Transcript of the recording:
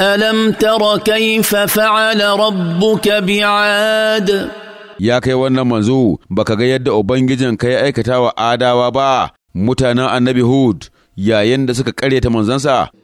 ألم تر كيف فعل ربك بعاد يا كي wannan manzo baka ga yadda ubangijin ka ya aikata wa adawa ba mutanen annabi hud yayin da suka karya ta manzansa